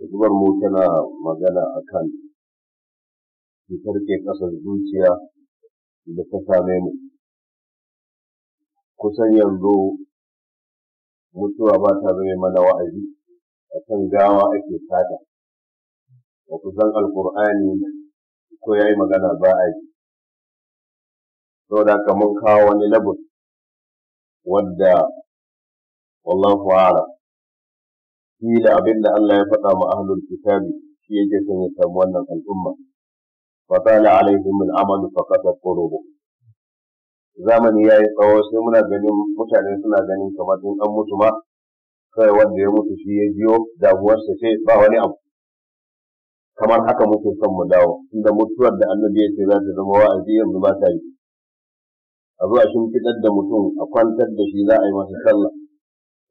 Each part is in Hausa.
Hikimar mu tana magana a kan cutar ke ƙasar zuciya da ta same mu. Kusan yanzu mutuwa ba ta zame mana wa'azi a kan gawa ake sata. Da kusan Alƙur'ani ko ya yi magana ba a yi. Saboda haka mun kawo wani labur wadda wallahu a'lam shi da abin da Allah ya faɗa wa ahlul kitabi shi yake son ya samu wannan al'umma fa tala alaihim al'amal fa qasat qulubuhum zamani yayi tsawo sai muna ganin mutane suna ganin kamar in an mutu ma kai wanda ya mutu shi ya biyo damuwarsa sai ba wani abu kamar haka muke son mu dawo inda mutuwar da annabi ya ce za ta zama wa'azi yanzu ba ta yi a zuwa shimfiɗar da mutum a kwantar da shi za a yi masa sallah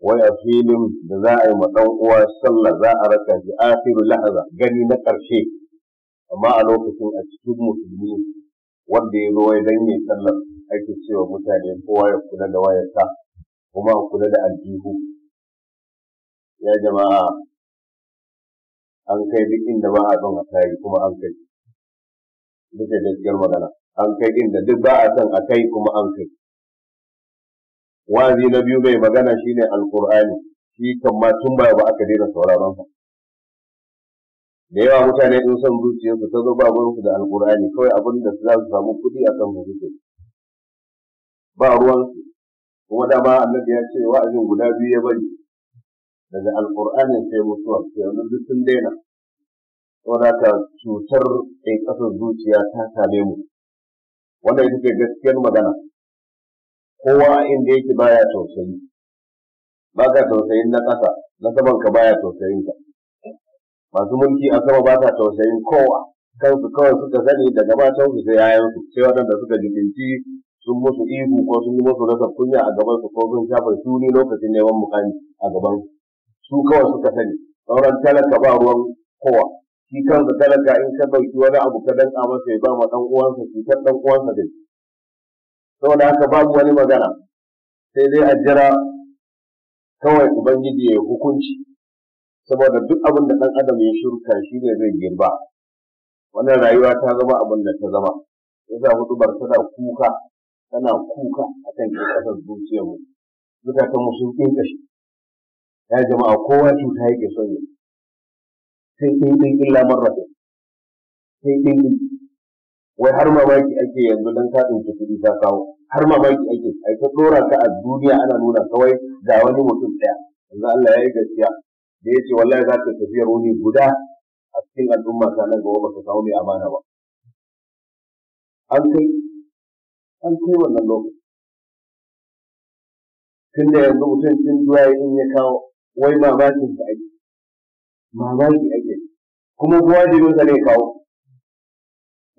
Wai a filin da za a yi ma ɗan uwa sallah za a raka shi akhiru lahaza gani na ƙarshe amma a lokacin a cikin musulmi wanda ya zo wai dan yi sallar ake cewa mutane kowa ya kula da wayarsa kuma a kula da aljihu ya jama'a an kai duk inda ba a son a kai kuma an kai duk da gaskiyar magana an kai inda duk ba a son a kai kuma an kai wazi na biyu mai magana shine Alƙur'ani, shi kan ma tun ba ba aka daina sauraron sa da yawa mutane in son zuciyarsu ta zo ba su da Alƙur'ani, kawai abin da za su samu kuɗi a kan su ba su kuma dama annabi ya ce wa'azin guda biyu ya bari daga Alƙur'ani sai mutuwa sai yanzu duk sun daina saboda ka cutar ƙasar zuciya ta same mu wannan ita ce gaskiyar magana kowa inda yake baya tausayi ba ka tausayin na ƙasa na saman ka baya tausayin ka masu mulki a sama ba ka tausayin kowa kansu kawai suka sani daga gabatar su sai yayansu sai waɗanda suka jibinci sun musu ihu ko sun yi musu nasar kunya a gaban su ko sun shafa shuni lokacin neman mukami a gaban su kawai suka sani sauran talaka ba ruwan kowa shi kansa talaka in ka ɗauki wani abu ka danka masa ya ba ma ɗan uwansa shi, cutar ɗan uwansa dai saboda haka babu wani magana sai dai a jira kawai ubangiji ya hukunci saboda duk abin da ɗan adam ya shirka shi ne zai girba wannan rayuwa ta zama abin da ta zama yasa hudubar tana kuka tana kuka a kan ƙasar zuciyarmu zukatanmu sun shi. ya jama'a kowa cuta yake son yi sai ɗin ɗin illa sai ɗin wai har mamaki ake yanzu dan ka ɗauki kuɗi ta kawo har mamaki ake ai ta ɗora ka a duniya ana nuna kawai ga wani mutum ɗaya yanzu Allah ya yi gaskiya da ya ce wallahi za ka tafiya wuni guda a cikin al'umma ta nan gaba ba ka kawo mai amana ba an kai an kai wannan lokaci tun da yanzu mutum tun zuwa in ya kawo wai mamakin sa ake mamaki ake kuma kuwa jibin sa ne kawo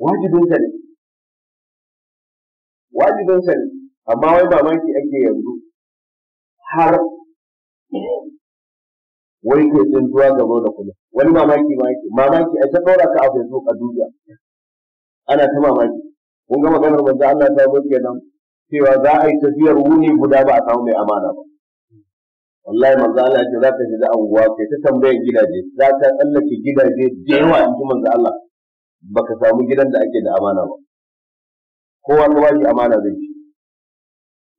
wajibinsa ne wajibinsa ne amma wai mamaki ake yanzu har wai ke zuwa gaba da kuma wani mamaki mamaki mamaki a ta ɗora ka a facebook a duniya ana ta mamaki kun ga maganar manzo Allah ta zo nan cewa za a yi tafiyar wuni guda ba a samu mai amana ba wallahi manzo Allah ya ce za ka shiga anguwa kai ta tambayar gidaje za ka tsallake gidaje da yawa in ji manzo Allah baka samu gidan da ake da amana ba kowa ka bashi amana zai ci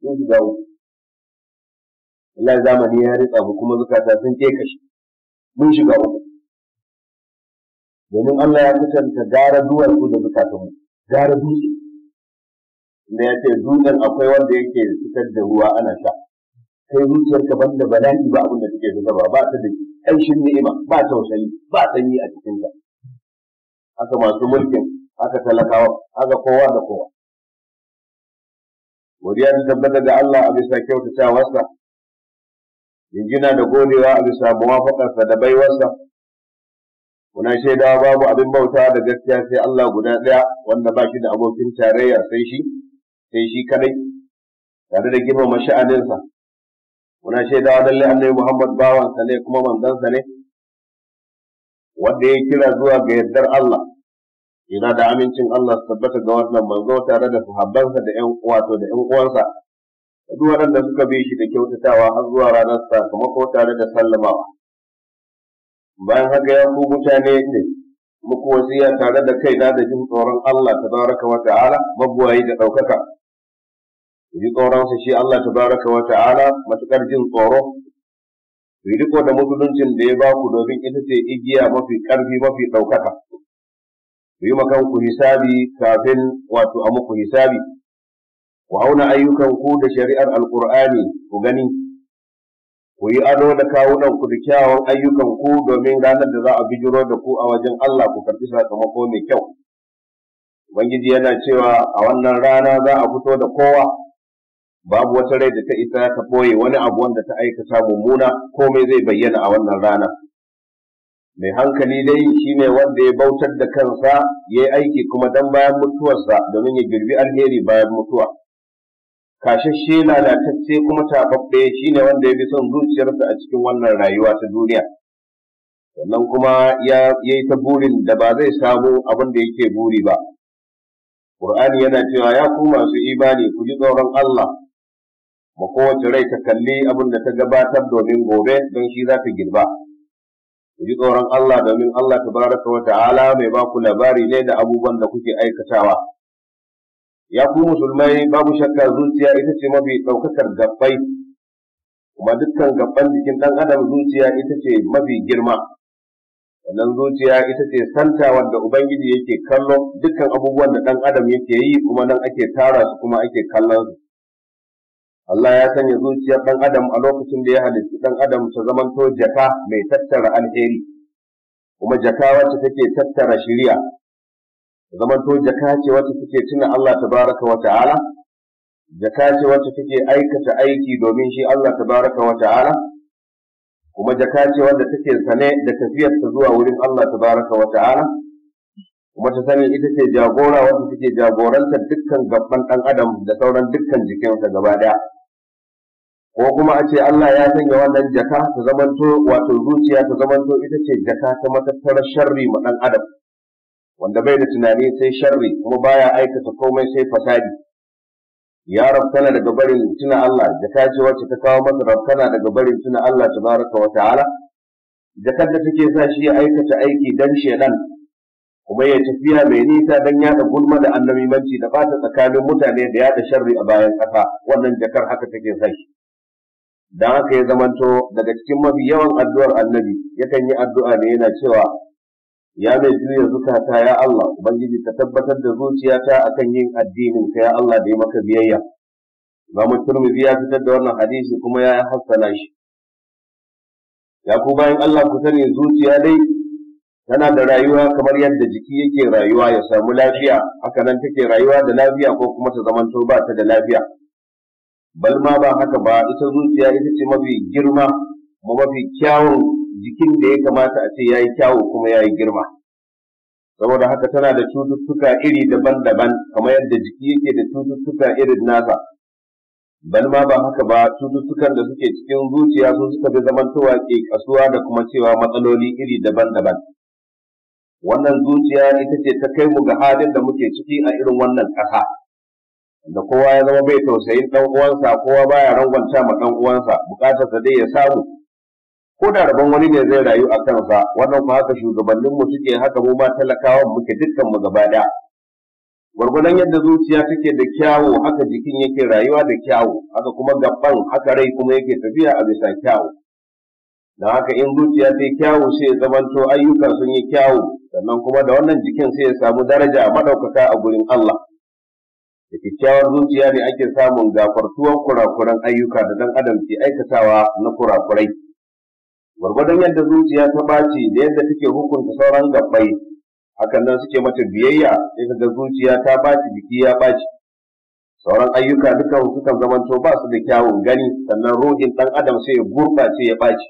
sun shiga uku Allah zamani ya ritsa mu kuma zukata sun ke kashi mun shiga uku domin Allah ya kusanta gara duwar su da zukatan mu gara dutse inda ya ce dutsen akwai wanda yake fitar da ruwa ana sha sai zuciyarka banda bala'i ba abin da take zuba ba ba ta da ƙanshin ni'ima ba tausayi ba sanyi a cikinta haka masu mulkin haka talakawa haka kowa da kowa godiya da tabbata ga Allah a bisa kyautatawarsa jingina da godewa a bisa muwafaƙarsa da baiwarsa kuna shaidawa babu abin bauta da gaskiya sai Allah guda ɗaya wanda ba shi da abokin tarayya sai shi sai shi kadai tare da girmama sha'aninsa kuna shaidawa lallai annabi Muhammad bawansa ne kuma manzansa ne wanda ya kira zuwa ga yardar Allah ina da amincin Allah su tabbata ga wannan manzo tare da sahabbansa da ƴan wato da ƴan uwansa duk waɗanda suka bi shi da kyautatawa har zuwa ranar sakamako tare da sallama. bayan haka ya ku mutane ne muku wasiya tare da kaina da jin tsoron Allah tabaraka wa ta'ala mabuwayi da ɗaukaka ji tsoronsa shi Allah tabaraka wa ta'ala matukar jin tsoro ku riko da musuluncin da ya ba ku domin ita ce igiya mafi ƙarfi mafi ɗaukaka Kuyi yi makan ku hisabi kafin wato a muku hisabi ku auna ayyukan ku da shari'ar alƙur'ani ku gani ku yi ado da kawunan ku da kyawun ayyukan ku domin ranar da za a bijiro da ku a wajen Allah ku karɓi sakamako mai kyau Ubangiji yana cewa a wannan rana za a fito da kowa babu wata rai da ta isa ta ɓoye wani abu wanda ta aikata mummuna komai zai bayyana a wannan rana mai hankali dai shine wanda ya bautar da kansa ya yi aiki kuma dan bayan mutuwarsa domin ya girbi alheri bayan mutuwa kashashe lalatacce kuma taɓaɓɓe shine wanda ya bi son zuciyarsa a cikin wannan rayuwa ta duniya sannan kuma ya yi ta burin da ba zai samu abin da yake buri ba Ƙur'ani yana cewa ya ku masu imani ku ji tsoron Allah ma kowace rai ta kalli abin da ta gabatar domin gobe don shi za ta girba ku ji tsoron Allah domin Allah ta baraka wata ala mai ba ku labari ne da abubuwan da kuke aikatawa ya ku musulmai babu shakka zuciya ita ce mafi ɗaukakar gabbai kuma dukkan gabban jikin ɗan adam zuciya ita ce mafi girma wannan zuciya ita ce santa wanda ubangiji yake kallo dukkan abubuwan da ɗan adam yake yi kuma nan ake tara su kuma ake kallon su Allah ya sanya zuciyar ɗan adam a lokacin da ya halitta ɗan adam ta zamanto jaka mai tattara alheri kuma jaka wacce take tattara shiriya ta zamanto jaka ce wacce take tuna Allah tabaraka wa ta'ala jaka ce wacce take aikata aiki domin shi Allah tabaraka wa ta'ala kuma jaka ce wanda take sane da tafiyarta zuwa wurin Allah tabaraka wa ta'ala kuma ta sani ita ce jagora wacce take jagorantar dukkan gaban ɗan adam da sauran dukkan jikinsa gaba ɗaya ko kuma a ce Allah ya sanya wannan jaka ta zamanto wato zuciya ta zamanto ita ce jaka ta matattarar sharri ma ɗan adam wanda bai da tunani sai sharri kuma baya aikata komai sai fasadi ya rabtana daga barin tuna Allah jaka ce wacce ta kawo masa rabtana daga barin tuna Allah ta tabaraka wa ta'ala jakar da take sa shi ya aikata aiki dan shedan kuma ya tafiya mai nisa don yaɗa gulma da manci da bata tsakanin mutane da yaɗa sharri a bayan ƙasa wannan jakar haka take sa shi Don haka ya zamanto daga cikin mafi yawan addu'ar annabi yakan yi addu'a ne yana cewa ya mai juya zukata ya Allah ubangiji ka tabbatar da zuciyata akan yin addinin ka ya Allah da ya maka biyayya Imam Tirmidhi ya fitar da wannan hadisi kuma ya hassana shi ya ku bayan Allah ku sani zuciya dai tana da rayuwa kamar yadda jiki yake rayuwa ya samu lafiya haka nan take rayuwa da lafiya ko kuma ta zamanto ba ta da lafiya bal ma ba haka ba ita zuciya ita ce mafi girma ma mafi kyawun jikin da ya kamata a ce ya yi kyawu kuma ya yi girma saboda haka tana da cututtuka iri daban-daban kamar yadda jiki yake da cututtuka irin nasa bal ma ba haka ba cututtukan da suke cikin zuciya sun suka fi zamantowa ke kasuwa da kuma cewa matsaloli iri daban-daban wannan zuciya ita ce ta kai mu ga halin da muke ciki a irin wannan ƙasa da kowa ya zama bai tausayin ɗan uwansa kowa baya rangwanta ma ɗan uwansa sa dai ya samu ko da rabon wani ne zai rayu a kansa wannan kuma haka shugabannin mu suke haka mu ma talakawan muke dukkan mu gaba daya gwargwadon yadda zuciya take da kyawu haka jikin yake rayuwa da kyawu haka kuma gaban haka rai kuma yake tafiya a bisa kyawu don haka in zuciya ta yi kyawu sai ya zamanto ayyuka sun yi kyawu sannan kuma da wannan jikin sai ya samu daraja madaukaka a gurin Allah da kyakkyawar zuciya ne ake samun gafartuwar kurakuran ayyuka da ɗan adam ke aikatawa na kurakurai gwargwadon yadda zuciya ta ɓaci da yadda take hukunta sauran gabbai hakan nan suke mata biyayya sai da zuciya ta ɓaci jiki ya ɓaci sauran ayyuka duka sukan zamanto ba su da kyawun gani sannan ruhin ɗan adam sai ya gurɓace ya ɓaci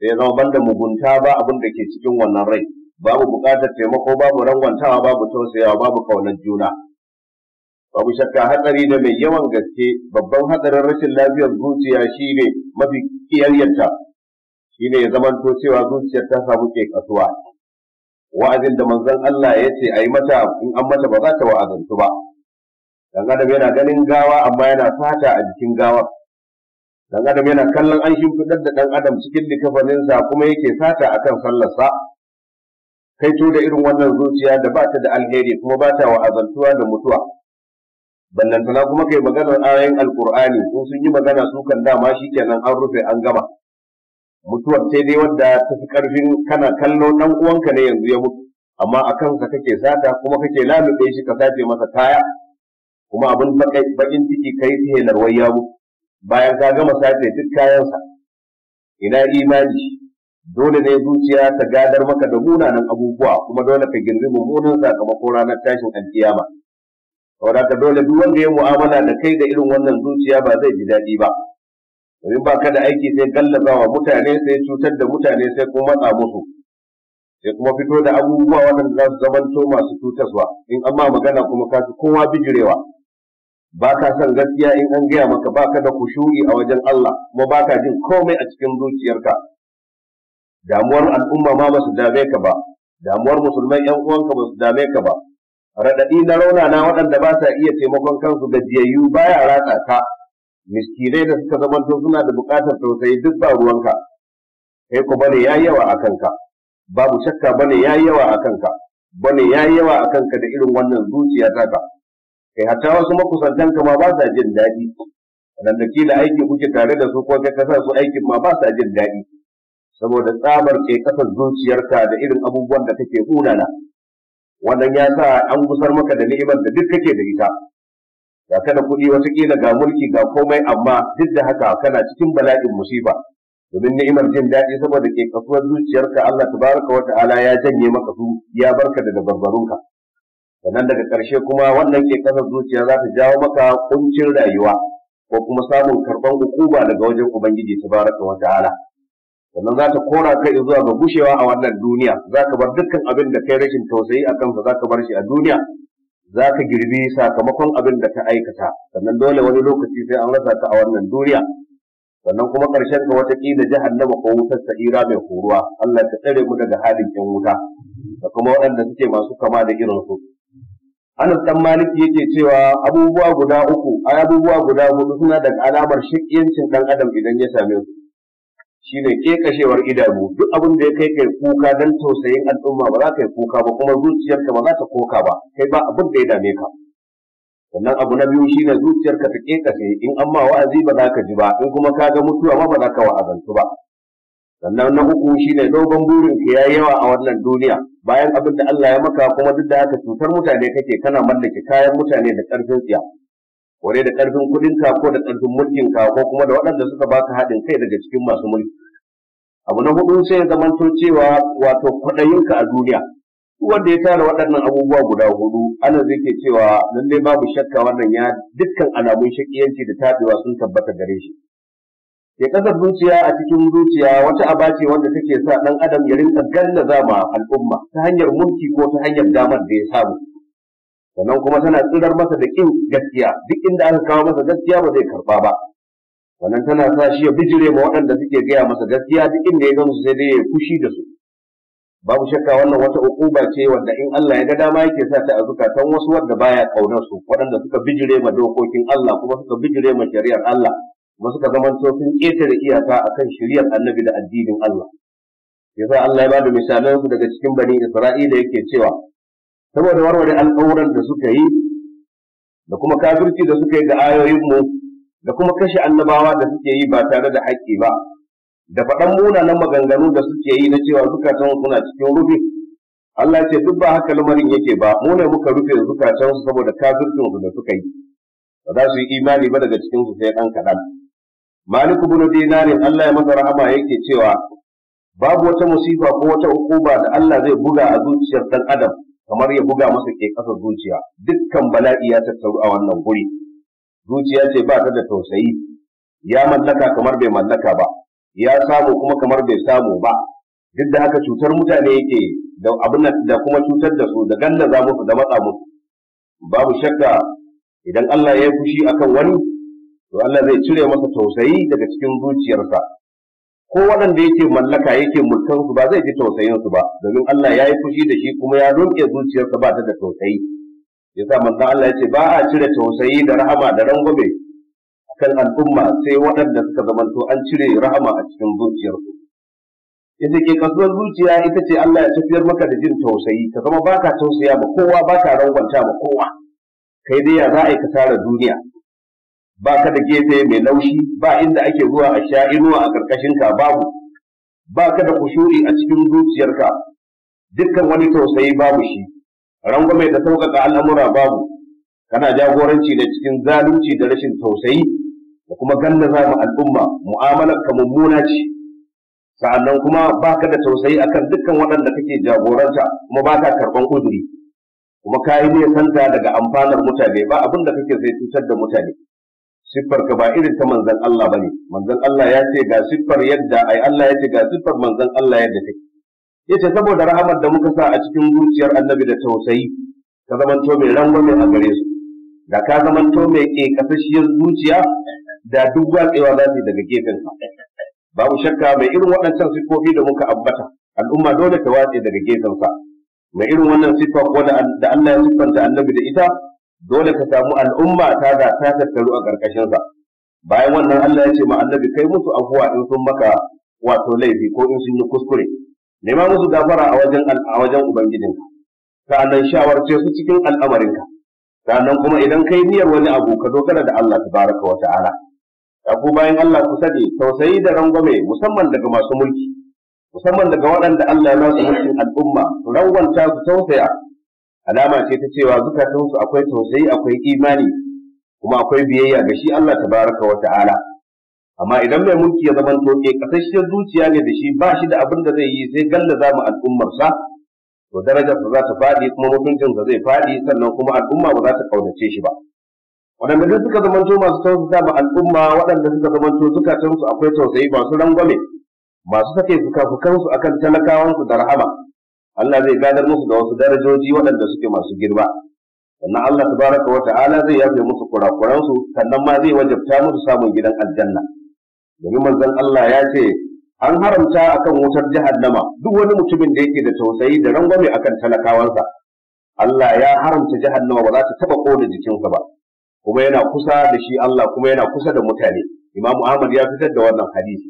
sai ya zama banda mugunta ba abin da ke cikin wannan rai babu buƙatar taimako babu rangwantawa babu tausayawa babu ƙaunar juna babu shakka hatsari da mai yawan gaske babban hatsarin rashin lafiyar zuciya ne mafi Shi ne ya zamanto cewa zuciyar ta samu ke kasuwa wa'azin da manzon Allah ya ce ayi mata in an mata ba za ta wa'azantu ba dan adam yana ganin gawa amma yana fata a jikin gawar dan adam yana kallon an shimfidar da dan adam cikin likafaninsa kuma yake sata akan sallarsa kai to da irin wannan zuciya da ba ta da alheri kuma ba ta wa'azantuwa da mutuwa ballantana kuma kai maganar ayoyin alkur'ani in sun yi magana su kan dama shi kenan an rufe an gama mutuwar sai dai wadda ta fi karfin kana kallo dan uwanka ne yanzu ya mutu amma a kansa kake sata kuma kake lalube shi ka sace masa kaya kuma abin bakin ciki kai sai larwai ya mutu bayan ka gama sace duk kayansa ina imani dole ne zuciya ta gadar maka da munanan abubuwa kuma dole ka girbi mummunan sakamakon ranar tashin alkiyama saboda dole duk wanda ya mu'amala da kai da irin wannan zuciya ba zai ji daɗi ba domin ba kada da aiki sai wa mutane sai cutar da mutane sai kuma matsa musu sai kuma fito da abubuwa waɗanda za su zamanto masu cutaswa in an ma magana kuma ka fi kowa bijirewa ba ka son gaskiya in an gaya maka ba ka da kushu'i a wajen Allah kuma ba ka jin komai a cikin zuciyarka damuwar al'umma ma ba su dame ka ba damuwar musulman yan uwanka ba su dame ka ba raɗaɗi na rauna na waɗanda ba sa iya taimakon kansu gajiyayyu baya ratsa ka miskinai da suka zamanto suna da buƙatar tausayi duk ba ruwanka kai ku bane yayi yawa a kanka babu shakka bane yayi yawa a kanka bane yayi yawa a kanka da irin wannan zuciya ka. kai hatta wasu makusantanka ma ba sa jin daɗi waɗanda kila aiki kuke tare da su ko kai ka sa su aikin ma ba sa jin daɗi saboda tsabar ke kasar zuciyarka da irin abubuwan da kake hunana. wannan ya sa an gusar maka da ni'imar da duk kake da ita ga kana kuɗi wata kila ga mulki ga komai amma duk da haka kana cikin bala'in musiba domin ni'imar jin daɗi saboda ke kasuwar zuciyarka Allah tabaraka wata'ala ya janye maka su ya barka da dabarbarunka sannan daga ƙarshe kuma wannan ke kasar zuciya za ta jawo maka kuncin rayuwa ko kuma samun karɓar hukuma daga wajen ubangiji tabaraka wata'ala sannan za ta kora kai zuwa ga gushewa a wannan duniya za ka bar dukkan abin da kai rashin tausayi a kansa za ka bar shi a duniya za ka girbi sakamakon abin da ka aikata sannan dole wani lokaci sai an rasa ka a wannan duniya sannan kuma ƙarshen ka watakila jahannama ko wutar sa'ira mai horuwa Allah ta tsare mu daga halin yan wuta da kuma waɗanda suke masu kama da irin su Anas dan Maliki yake cewa abubuwa guda uku ai abubuwa guda hudu suna daga alamar shakiyancin ɗan adam idan ya same su Shi shine kekashewar idanu duk abin da ya kai kai kuka don tausayin al'umma ba za ka yi kuka ba kuma zuciyarka ba za ta koka ba kai ba abin da ya dame ka sannan abu na biyu shine zuciyarka ta kekashe in an ma wa'azi ba za ka ji ba in kuma ka ga mutuwa ma ba za ka wa'azantu ba sannan na uku shine dogon burin ka yayi yawa a wannan duniya bayan abin da Allah ya maka kuma duk da haka cutar mutane kake kana mallake kayan mutane da karfin tsiya wane da ƙarfin kuɗinka ko da ƙarfin mulkinka ko kuma da waɗanda suka baka haɗin kai daga cikin masu mulki abu na hudu sai ya zamanto cewa wato kwaɗayinka a duniya wanda ya tara waɗannan abubuwa guda hudu ana zai cewa lallai babu shakka wannan ya dukkan alamun shakiyanci da tabewa sun tabbata gare shi Ke kasa zuciya a cikin zuciya wata aba ce wanda take sa ɗan adam ya rinka gallaza zama al'umma ta hanyar mulki ko ta hanyar damar da ya samu sannan kuma tana tsirar masa da ƙin gaskiya duk inda aka kawo masa gaskiya ba zai karba ba sannan tana sa shi ya bijire ma waɗanda suke gaya masa gaskiya duk inda ya gamsu sai dai ya fushi da su babu shakka wannan wata ukuba ce wanda in Allah ya ga dama yake sa ta a zukatan wasu wanda baya kaunar su waɗanda suka bijire ma dokokin Allah kuma suka bijire ma shari'ar Allah kuma suka zamanto sun ƙetare iyaka akan shari'ar Annabi da addinin Allah yasa Allah ya bada misalan su daga cikin bani Isra'ila yake cewa saboda warware al'auran da suka yi da kuma kafirci da suka yi ga ayoyinmu da kuma kashe annabawa da suke yi ba tare da haƙƙi ba da faɗan munanan maganganu da suke yi na cewa zukatan suna cikin rufe Allah ce duk ba haka lamarin yake ba mu ne muka rufe zukatan su saboda kafircin da suka yi ba za su yi imani ba daga cikin su sai ɗan kaɗan Maliku bin Dinarin Allah ya masa rahama yake cewa babu wata musifa ko wata hukuma da Allah zai buga a zuciyar dan adam kamar ya buga masa ke kasa zuciya dukkan bala'i ya tattaru a wannan guri zuciya ce ba ta da tausayi ya mallaka kamar bai mallaka ba ya samu kuma kamar bai samu ba duk da haka cutar mutane yake da abin da kuma cutar da su da za musu da matsa musu babu shakka idan Allah ya yi fushi akan wani to Allah zai cire masa tausayi daga cikin zuciyarsa ko waɗanda yake mallaka yake mulkan su ba zai ji tausayin su ba domin Allah ya yi fushi da shi kuma ya roƙe zuciyarsa ba ta da tausayi yasa manzon Allah ya ce ba a cire tausayi da rahama da rangwame akan al'umma sai waɗanda suka zamanto an cire rahama a cikin zuciyarsu ita ke kasuwar zuciya ita ce Allah ya tafiyar maka da jin tausayi ka zama baka tausaya ma kowa baka rangwanta ma kowa kai dai ya za a yi ka tara duniya ba ka da gefe mai laushi ba inda ake zuwa a sha inuwa a ƙarƙashinka, babu ba ka da kushuri a cikin zuciyarka dukkan wani tausayi babu shi rangwame da sauƙaƙa al'amura babu kana jagoranci da cikin zalunci da rashin tausayi da kuma za mu al'umma mu'amalar ka mummuna ce sa'annan kuma ba ka da tausayi akan dukkan waɗanda kake jagoranta kuma ba ka karɓan uzuri kuma ka yi santa daga amfanar mutane ba abinda da kake zai cutar da mutane siffar ka ba irin ta manzon Allah ba ne. manzon Allah ya ce ga siffar yadda ai Allah ya ce ga siffar manzon Allah yadda take yace saboda rahamar da muka sa a cikin zuciyar annabi da tausayi ka zamanto mai rangwame a gare su da ka zamanto mai kasashiyar zuciya da duk watsewa za su daga gefen ka babu shakka mai irin waɗancan siffofi da muka ambata al'umma dole ta watse daga gefen sa mai irin wannan siffa ko da Allah ya siffanta annabi da ita dole ka samu al'umma ta da ta tattaru a ƙarƙashin bayan wannan Allah ya ce ma annabi kai musu afuwa in sun maka wato laifi ko in sun yi kuskure nema musu gafara a wajen a wajen ubangijinka sa'annan shawarce su cikin al'amarinka sa'annan kuma idan kai niyyar wani abu ka dogara da Allah tabaraka wa ta'ala ta ku bayan Allah ku sani tausayi da rangwame musamman daga masu mulki musamman daga waɗanda Allah ya ba su mulkin al'umma su rangwanta su tausaya alama ce ta cewa zukatansu akwai tausayi akwai imani kuma akwai biyayya ga shi Allah tabaraka wa ta'ala amma idan mai mulki ya zamanto toke kasasshiyar zuciya ne da shi ba shi da abin da zai yi sai za mu al'ummarsa to darajarsa za ta faɗi kuma mutuncin sa zai faɗi sannan kuma al'umma ba za ta kaunace shi ba waɗanda duk suka to masu tausayi ma al'umma waɗanda suka zamanto zukatansu akwai tausayi masu rangwame masu sake fukafukansu akan talakawansu da rahama Allah zai gadar musu da wasu darajoji waɗanda suke masu girma sannan Allah tabaraka wa ta'ala zai yafe musu kurakuransu sannan ma zai wajabta musu samun gidan aljanna domin manzon Allah ya ce an haramta akan wutar jahannama duk wani mutumin da yake da tausayi da rangwame akan talakawansa Allah ya haramta jahannama ba za ta taba kona jikinsa ba kuma yana kusa da shi Allah kuma yana kusa da mutane Imam Ahmad ya fitar da wannan hadisi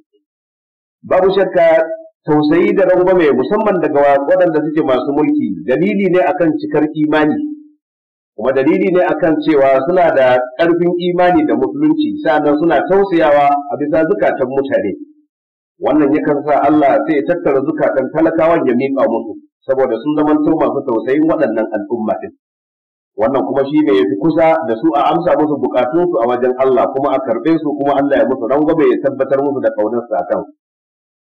babu shakka tausayi da rangwa mai musamman daga waɗanda suke masu mulki dalili ne akan cikar imani kuma dalili ne akan cewa suna da ƙarfin imani da musulunci sa'annan suna tausayawa a bisa zukatan mutane wannan yakan sa Allah sai ya tattara zukatan talakawan ya miƙa musu saboda sun zamanto masu tausayin waɗannan al'umma din wannan kuma shi ne yafi kusa da su a amsa musu bukatunsu a wajen Allah kuma a karɓe su kuma Allah ya musu rangwame ya tabbatar musu da ƙaunarsa a kansu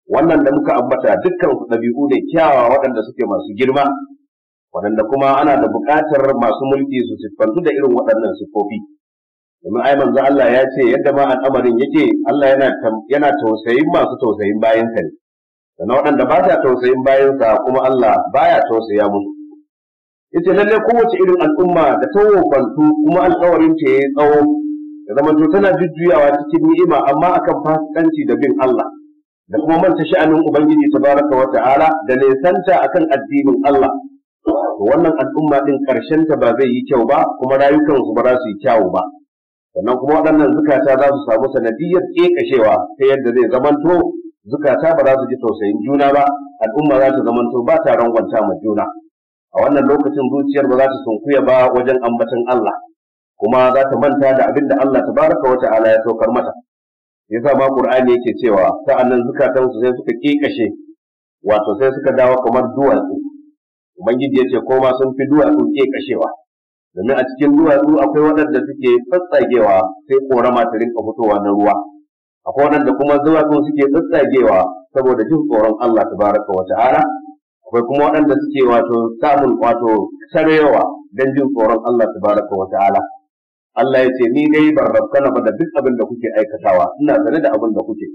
wannan da muka ambata dukkan dabi'u ɗabi'u ne kyawawa waɗanda suke masu girma waɗanda kuma ana da buƙatar masu mulki su siffantu da irin waɗannan siffofi domin ai manzo Allah ya ce yadda ma al'amarin yake Allah yana yana tausayin masu tausayin bayansa ne dan waɗanda ba sa tausayin sa kuma Allah baya tausaya musu yace lalle kowace irin al'umma da ta wofantu kuma alƙawarin ta yayi tsawo ya zama to tana jujjuyawa cikin ni'ima amma akan fasikanci da bin Allah da kuma manta sha'anin ubangiji tabaraka wa ta'ala da nesanta akan addinin Allah wannan al'umma din ƙarshen ta ba zai yi kyau ba kuma rayukan su ba za su yi kyawu ba sannan kuma waɗannan zukata za su samu sanadiyyar kekashewa ta yadda zai zamanto zukata ba za su ji tausayin juna ba al'umma za ta zamanto ba ta rangwanta ma juna a wannan lokacin zuciyar ba za ta sunkuya ba wajen ambaton Allah kuma za ta manta da abin da Allah tabaraka wa ta'ala ya saukar mata yasa ma qur'ani yake cewa sa'annan zakatan su sai suka kikashe wato sai suka dawo kamar duwatsu ubangiji yace ko ma sun fi duwatsu kikashewa domin a cikin duwatsu akwai waɗanda suke tsatsagewa sai korama ta rinka fitowa na ruwa akwai waɗanda kuma duwatsu suke tsatsagewa saboda jin tsoron Allah tabaraka wa ta'ala akwai kuma waɗanda suke wato samun wato sarewa don jin tsoron Allah tabaraka wa ta'ala Allah ya ce ni dai ban rabkana ba da duk abin da kuke aikatawa ina sane da abin da kuke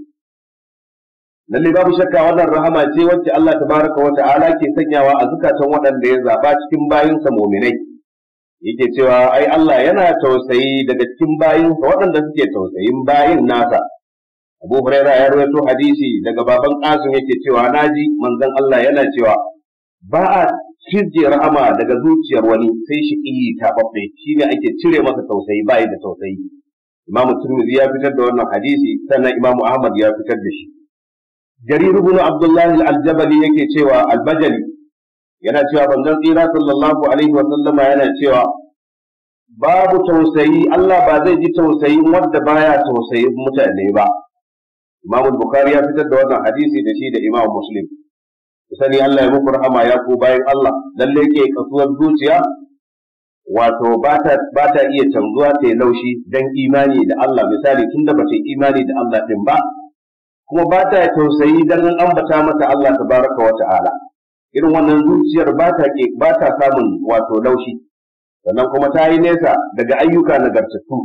lalle babu shakka wannan rahama ce wacce Allah tabaraka wa ta'ala ke sanyawa a zukatan waɗanda ya zaba cikin bayinsa muminai yake cewa ai Allah yana tausayi daga cikin bayinsa waɗanda suke tausayin bayin nasa Abu Hurairah ya rawaito hadisi daga baban Qasim yake cewa naji manzon Allah yana cewa ba a cije rahama daga zuciyar wani sai shi iyi tababbe shine ake cire masa tausayi bayi da tausayi imamu tirmidhi ya fitar da wannan hadisi sannan imamu ahmad ya fitar da shi jarir ibn Abdullahi al-jabali yake cewa al-bajali yana cewa banzan tsira sallallahu alaihi wa sallama yana cewa babu tausayi Allah ba zai ji tausayin wanda baya tausayin mutane ba imamu Bukhari ya fitar da wannan hadisi da shi da Imam Muslim sani Allah ya muku rahama ya ku bayan Allah lalle ke kasuwar zuciya wato ba ta iya canzuwa ta laushi dan imani da Allah misali tun da bata imani da Allah din ba kuma ba ta tausayi dan an ambata mata Allah tabaraka wa ta'ala irin wannan zuciyar ba ta ke ba samun wato laushi sannan kuma ta yi nesa daga ayyuka nagartattu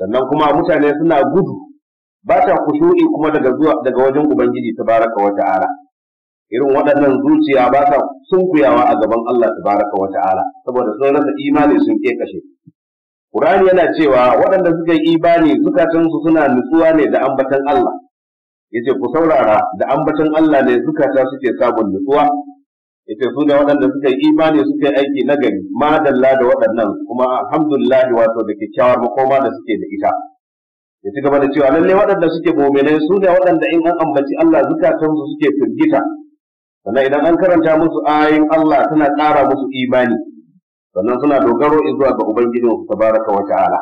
sannan kuma mutane suna gudu ba ta kushu'i kuma daga zuwa daga wajen ubangiji tabaraka wa ta'ala irin waɗannan zuciya ba ta sunkuyawa a gaban Allah tabaraka wa ta'ala saboda sun rasa imani sun ke kashe Qur'ani yana cewa waɗanda suka yi imani zukatansu suna nutsuwa ne da ambatan Allah yace ku saurara da ambatan Allah ne zukata suke samun nutsuwa yace su ne waɗanda suka yi imani suke aiki na gari madalla da waɗannan kuma alhamdulillah wato da kyakkyawar makoma da suke da ita ya ci gaba da cewa lallai waɗanda suke bomenai su ne waɗanda in an ambaci Allah zukatansu suke firgita sannan idan an karanta musu ayin Allah suna ƙara musu imani sannan suna dogaro zuwa ga ubangijin su tabaraka wa ta'ala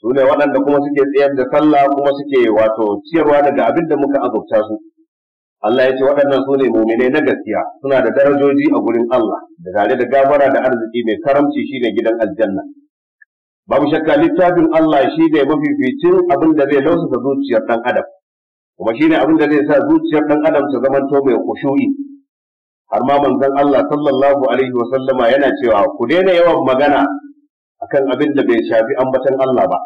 su ne waɗanda kuma suke tsayar da sallah kuma suke wato ciyarwa daga abin da muka azubta su Allah ya ce waɗannan su ne muminai na gaskiya suna da darajoji a gurin Allah da tare da gabara da arziki mai karamci shine gidan aljanna babu shakka littafin Allah shi ne mafificin abin da zai lausa zuciyar ɗan adam kuma shine abin da zai sa zuciyar dan adam ta zama to mai kushu'i har ma manzon Allah sallallahu alaihi wasallama yana cewa ku daina yawan magana akan abin da bai shafi ambatan Allah ba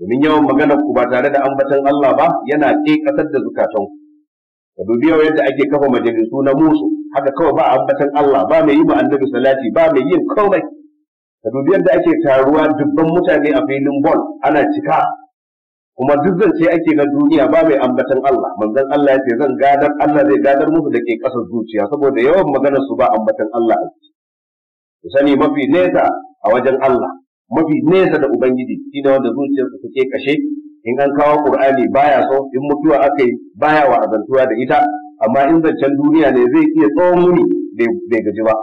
domin yawan magana ku ba tare da ambatan Allah ba yana ƙeƙasar da zukatun ku dubi yau yadda ake kafa majalisu na musu haka kawai ba ambatan Allah ba mai yi ba annabi salati ba mai yin komai ka dubi yadda ake taruwa dubban mutane a filin ball ana cika kuma duk zance ake na duniya ba mai ambatan Allah manzon Allah ya ce zan gadar Allah zai gadar musu da ke ƙasar zuciya saboda yawan maganar su ba ambatan Allah a ciki ku sani mafi nesa a wajen Allah mafi nesa da ubangiji shi ne wanda zuciyarsa take kashe in an kawo qur'ani baya so in mutuwa aka yi baya wa azantuwa da ita amma in zancen duniya ne zai iya tsawon muni bai gaji ba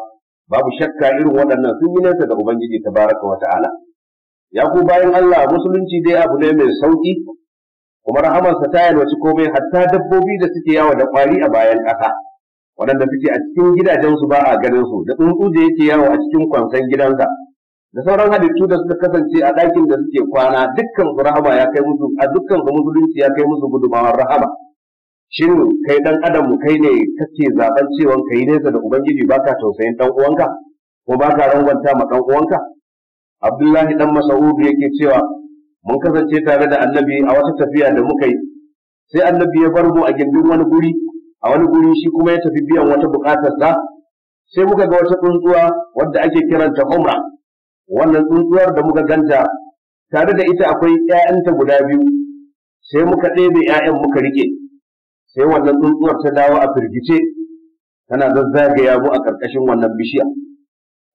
babu shakka irin waɗannan sun yi nesa da ubangiji tabaraka wa ta'ala ya ku bayan Allah musulunci dai abu ne mai sauki kuma rahamarsa ta yalwaci komai hatta dabbobi da suke yawo da kwari a bayan ƙasa waɗanda suke a cikin gidajensu ba a ganin su da tsuntsu da yake yawo a cikin kwansan gidansa da sauran halittu da suka kasance a ɗakin da suke kwana dukkan su rahama ya kai musu a dukkan musulunci ya kai musu gudumawar rahama shin kai dan adam kai ne kake zaben cewa kai nesa da ubangiji baka tausayin dan uwanka ko baka rangwanta ma dan uwanka Abdullahi dan Mas'ud yake cewa mun kasance tare da Annabi a wata tafiya da muka yi sai Annabi ya bar mu a gindin wani guri a wani guri shi kuma ya tafi biyan wata bukatar sa sai muka ga wata tsuntsuwa wadda ake kiranta Umra wannan tsuntsuwar da muka ganta tare da ita akwai ƴaƴanta guda biyu sai muka ɗebe ƴaƴan muka rike sai wannan tsuntsuwar ta dawo a firgice tana zazzagaya mu a ƙarƙashin wannan bishiya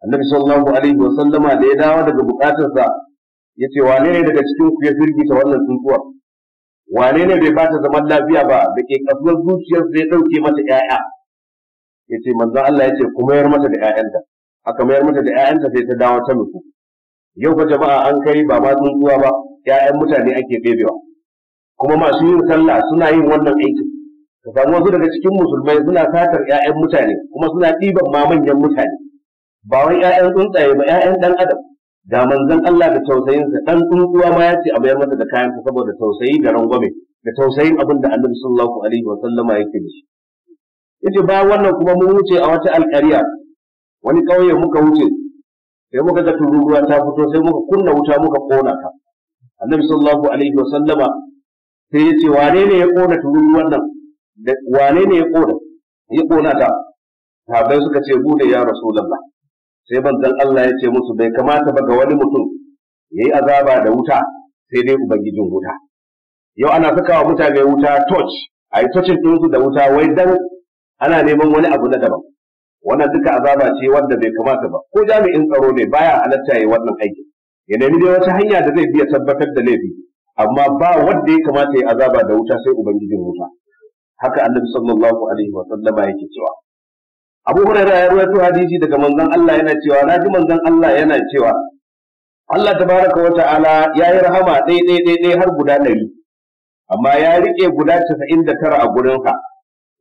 annabi sallallahu alaihi wa sallama da ya dawo daga bukatarsa ya ce wane ne daga cikin ku ya firgita wannan tsuntsuwar wane ne bai bata zaman lafiya ba da ke kasuwar zuciyar ya dauke mata 'ya'ya? ya ce manzon Allah ya ce ku mayar mata da 'ya'yanta, aka mayar mata da 'ya'yanta sai ta dawo ta mutu yau ba jama'a an kai ba ma tsuntsuwa ba 'ya'yan mutane ake bebewa kuma masu yin sallah suna yin wannan aikin ka samu wasu daga cikin musulmai suna satar 'ya'yan mutane kuma suna ɗiban ma manyan mutane ba wai ƴaƴan tsuntsaye ba ƴaƴan dan adam ga manzon Allah da tausayinsa dan tsuntsuwa ma ya ce a bayar masa da kayan saboda tausayi da rangwame da tausayin abin da Annabi sallallahu alaihi wa sallama yake da shi yace ba wannan kuma mun wuce a wata alƙariya wani ƙauye muka wuce sai muka ga tururuwa ta fito sai muka kunna wuta muka kona ta Annabi sallallahu alaihi wa sallama sai yace wane ne ya kona tururuwan nan wane ne ya kona ya kona ta sahabbai suka ce bude ya rasulullah sai manzon Allah ya ce musu bai kamata ba ga wani mutum ya yi azaba da wuta sai dai ubangijin wuta yau ana saka wa mutane wuta torch a yi tocin ɗinsu da wuta wai dan ana neman wani abu na daban wannan duka azaba ce wanda bai kamata ba ko jami'in tsaro ne baya halatta ya yi wannan aiki ya nemi dai wata hanya da zai biya tabbatar da laifi amma ba wanda ya kamata ya yi azaba da wuta sai ubangijin wuta haka annabi sallallahu alaihi wa sallama yake cewa Abu Huraira ya rawaito hadisi daga manzon Allah yana cewa na ji manzon Allah yana cewa Allah Ta baraka wa ta'ala ya yi rahama ɗai ɗai ɗai ɗai har guda ɗari amma ya riƙe guda casa'in da tara a gurinsa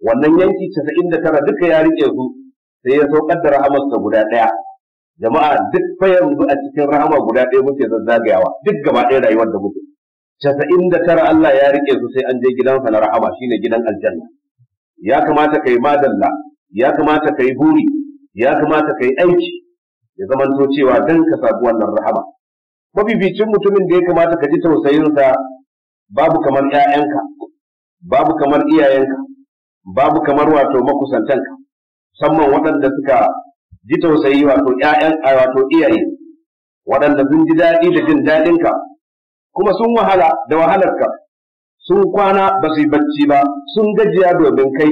wannan yanki casa'in da tara duka ya riƙe su sai ya saukar da rahamarsa guda ɗaya jama'a duk fa yanzu a cikin rahama guda ɗaya muke zazzagayawa duk gaba ɗaya rayuwar da muke casa'in da tara Allah ya riƙe su sai an je gidansa na rahama shine gidan aljanna ya kamata kai madalla ya kamata ka yi buri ya kamata ka yi aiki ya zamanto cewa dan ka sabu wannan rahama mabibicin mutumin da ya kamata ka ji tausayinsa babu kamar ‘ya'yanka babu kamar iyayenka babu kamar wato makusantanka musamman waɗanda suka ji tausayi wato ‘ya'yan wato iyaye waɗanda sun ji daɗi da jin daɗin ka, kuma sun wahala da wahalarka sun kwana ba su yi bacci ba sun gajiya domin kai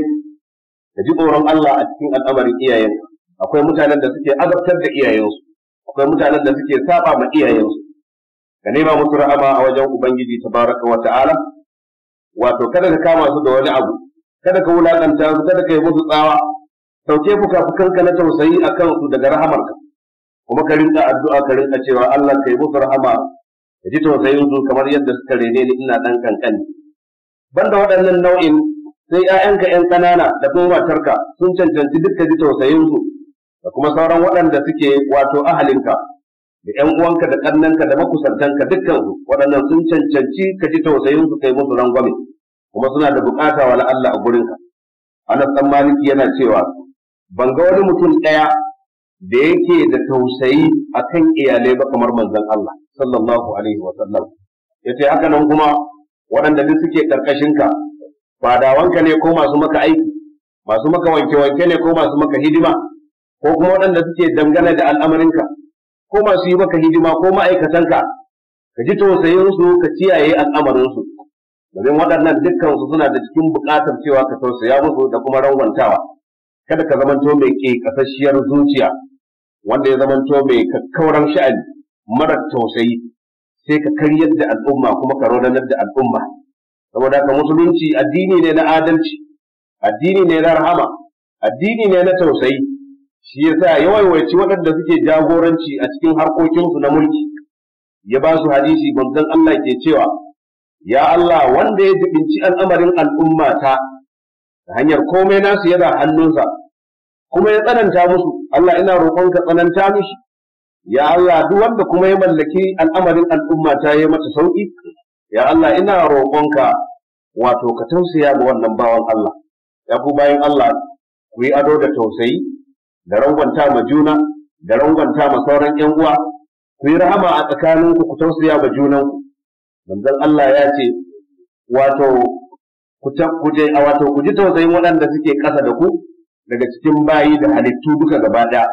ka ji tsoron Allah a cikin al'amarin iyayenka akwai mutanen da suke azabtar da iyayensu akwai mutanen da suke saba ma iyayensu ka nema musu rahama a wajen ubangiji tabaraka wa ta'ala wato kada ka kama su da wani abu kada ka wulakanta su kada ka yi musu tsawa sauke fuka-fukanka na tausayi a kansu daga rahamarka kuma ka rinka addu'a ka rinka cewa Allah ka yi musu rahama ka ji tausayin su kamar yadda suka rene ni ina dan kankani banda waɗannan nau'in sai ‘ya'yanka ‘yan ƙanana da kuma matarka sun cancanci duk ji tausayinsu da kuma sauran waɗanda suke wato ahalinka da ‘yan uwanka da ƙannanka da makusantanka dukkansu waɗannan sun cancanci ka ji tausayinsu kai musu rangwame kuma suna da bukata wa Allah a gurinka. Anas ɗan Maliki yana cewa ban ga wani mutum ɗaya da yake da tausayi a kan iyalai ba kamar manzon Allah sallallahu alaihi wa sallam. Yace haka nan kuma waɗanda duk suke ƙarƙashinka fadawanka ne ko masu maka aiki masu maka wanke-wanke ne ko masu maka hidima ko kuma waɗanda suke dangane da al'amarinka ko masu yi maka hidima ko ma'aikatanka ka ji tausayinsu ka ciyaye al'amarinsu domin waɗannan dukkansu suna da cikin buƙatar cewa ka tausaya musu da kuma rangwantawa kada ka zamanto mai ke zuciya wanda ya zamanto mai kakkauran sha'ani mara tausayi sai ka karyar da al'umma kuma ka rodanar da al'umma saboda haka musulunci addini ne na adalci addini ne na rahama addini ne na tausayi shi yasa yawaiwaci waɗanda suke jagoranci a cikin harkokinsu na mulki ya ba su hadisi manzon Allah ke cewa ya Allah wanda ya jibinci al'amarin al'umma ta ta hanyar komai nasu da hannunsa kuma ya tsananta musu Allah ina roƙonka tsananta mishi ya Allah duk wanda kuma ya mallaki al'amarin al'umma ta yi mata sauki ya Allah ina roƙonka wato ka tausaya ga wannan bawan Allah ya ku bayan Allah ku yi ado da tausayi da rangwanta ma juna da rangwanta ma sauran ƴan uwa ku yi rahama a tsakaninku ku tausaya ga junanku manzon Allah ya ce wato ku je a wato ku ji tausayin waɗanda suke ƙasa da ku daga cikin bayi da halittu duka gaba ɗaya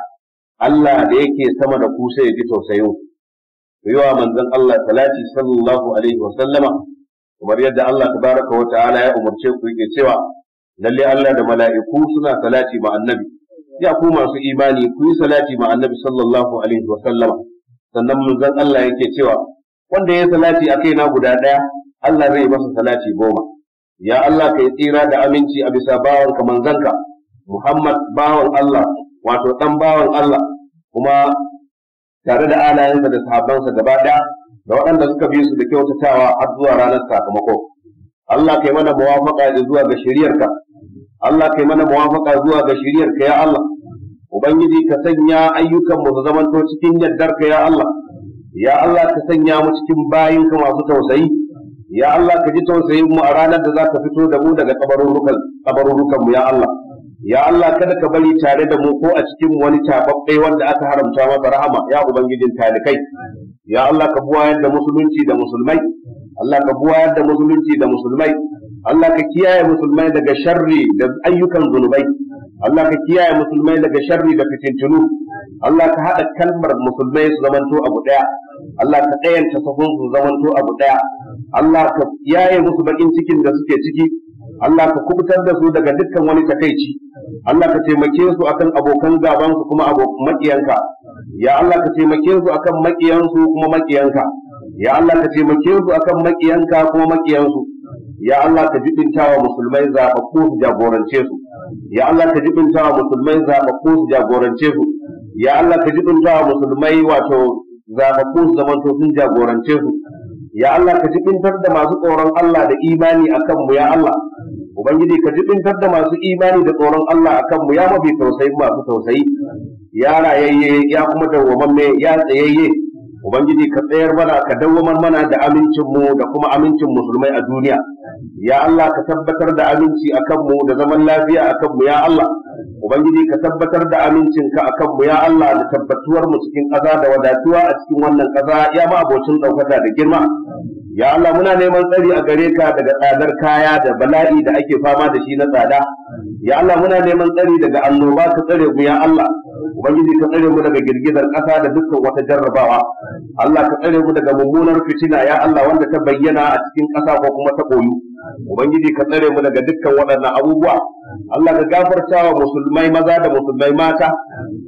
Allah da yake sama da ku sai ya ji tausayinku ku yi wa manzon Allah salati sallallahu alaihi wa sallama kamar yadda Allah tabaraka wa ta'ala ya umarce ku yake cewa lalle Allah da mala'iku suna salati ma annabi ya ku masu imani ku yi salati ma annabi sallallahu alaihi wa sallama sannan manzon Allah yake cewa wanda ya salati a kaina guda ɗaya Allah zai masa salati goma ya Allah ka yi tsira da aminci a bisa bawanka manzanka Muhammad bawan Allah wato ɗan bawan Allah kuma tare da alayensa da sahabbansa gaba ɗaya da waɗanda suka bi su da kyautatawa har zuwa ranar sakamako Allah kai mana muwafaqa da zuwa ga shiriyarka Allah kai mana muwafaqa zuwa ga shiriyarka ya Allah ubangiji ka sanya ayyukan mu su zamanto cikin yardarka ya Allah ya Allah ka sanya mu cikin bayinka masu tausayi ya Allah ka ji tausayin mu a ranar da za ka fito da mu daga kabarurrukan mu ya Allah ya Allah kada ka bari tare da mu ko a cikin wani tababbe wanda aka haramta masa rahama ya ubangijin talikai ya Allah ka buwayar da musulunci da musulmai Allah ka buwayar da musulunci da musulmai Allah ka kiyaye musulmai daga sharri da ayyukan zunubai Allah ka kiyaye musulmai daga sharri da fitintunu Allah ka haɗa kalmar musulmai su zamanto abu ɗaya Allah ka ɗayanta sahun su zamanto abu ɗaya Allah ka kiyaye musu bakin cikin da suke ciki Allah ka kubutar da su daga dukkan wani takaici Allah ka taimake su akan abokan gaban kuma abokan makiyanka ya Allah ka taimake su akan makiyansu kuma makiyanka ya Allah ka taimake su akan makiyanka kuma makiyansu ya Allah ka jibinta wa musulmai zaɓaɓɓu su jagorance su ya Allah ka jibinta wa musulmai zaɓaɓɓu su jagorance su ya Allah ka jibinta wa musulmai wato zaɓaɓɓu su zamanto sun jagorance su ya Allah ka jibintar da masu tsoron Allah da imani akan mu ya Allah ubangiji ka ji jibintar da masu imani da tsoron Allah a kanmu ya mafi tausayi masu tausayi ya rayayye ya kuma dawwamamme ya tsayayye ubangiji ka tsayar mana ka dawwamar mana da amincinmu da kuma amincin musulmai a duniya ya Allah ka tabbatar da aminci a kanmu da zaman lafiya a kanmu ya Allah ubangiji ka tabbatar da amincinka a kanmu ya Allah da tabbatuwar mu cikin ƙasa da wadatuwa a cikin wannan ƙasa ya ma abocin ɗaukaka da girma ya Allah muna neman tsari a gare ka daga tsadar kaya da bala'i da ake fama da shi na tsada ya Allah muna neman tsari daga annoba ka tsare mu ya Allah ubangiji ka tsare mu daga girgizar ƙasa da dukkan wata jarrabawa Allah ka tsare mu daga mummunar fitina ya Allah wanda ta bayyana a cikin ƙasa ko kuma ta koyu ubangiji ka tsare mu daga dukkan waɗannan abubuwa Allah ka gafarta wa musulmai maza da musulmai mata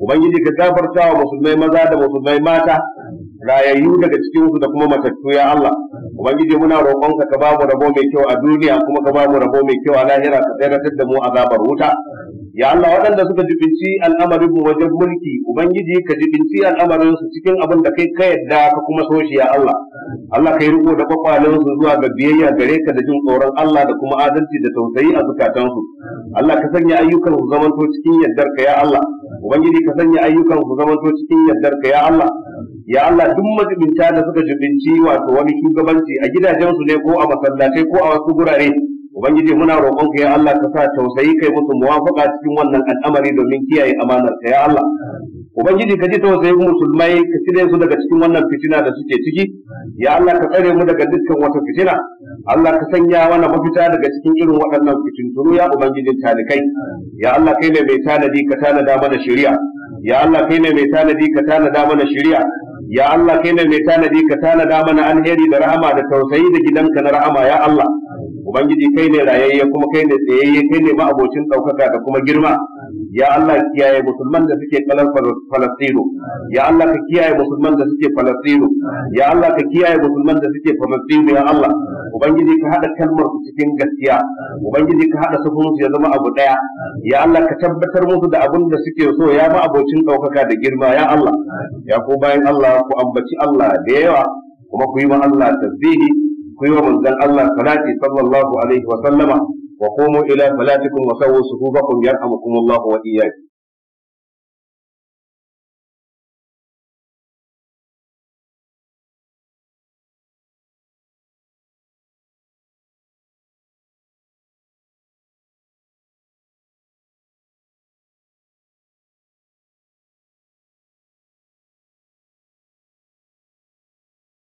ubangiji ka gafarta wa musulmai maza da musulmai mata rayayyu daga cikinsu da kuma matattu ya Allah ubangiji muna roƙonka ka bamu rabo mai kyau a duniya kuma ka bamu rabo mai kyau a lahira ka tsayar da mu azabar wuta ya Allah waɗanda suka jibinci al'amarin mu wajen mulki ubangiji ka jibinci al'amarin su cikin abin da kai ka yadda ka kuma so shi ya Allah Allah kai riko da kwakwalen su zuwa ga biyayya gare ka da jin tsoron Allah da kuma adalci da tausayi a zukatan su Allah ka sanya ayyukan su zamanto cikin yaddar ka ya Allah ubangiji ka sanya ayyukan su zama to cikin yardar ka ya Allah ya Allah duk majibinta da suka jibinci wato wani shugabanci a gidajensu ne ko a masallatai ko a wasu gurare ubangiji muna roƙon ka ya Allah ka sa tausayi kai musu muwafaqa cikin wannan al'amari domin kiyaye amanar ka ya Allah ubangiji ka ji tausayin musulmai ka cire su daga cikin wannan fitina da suke ciki ya Allah ka tsare mu daga dukkan wata fitina Allah ka sanya mana mafita daga cikin irin waɗannan fitintunu ya ubangijin talikai ya Allah kai ne mai tanadi ka tanada mana shari'a ya Allah kai ne mai tanadi ka tanada mana shari'a ya Allah kai ne mai tanadi ka tanada mana alheri da rahama da tausayi da gidanka na rahama ya Allah ubangiji kai ne rayayye kuma kai ne tsayayye kai ne abocin ɗaukaka da kuma girma ya Allah kiyaye musulman da suke kalar Falastino ya Allah ka kiyaye musulman da suke Falastino ya Allah ka kiyaye musulman da suke Falastino ya Allah ubangiji ka hada kalmar su cikin gaskiya ubangiji ka hada sufun su ya zama abu daya ya Allah ka tabbatar musu da abin da suke so ya ma abocin daukaka da girma ya Allah ya ku bayan Allah ku ambaci Allah da yawa kuma ku yi wa Allah tasbihi ku yi wa manzon Allah salati sallallahu alaihi wa sallama وقوموا إلى صلاتكم وسووا صفوفكم يرحمكم الله وإياكم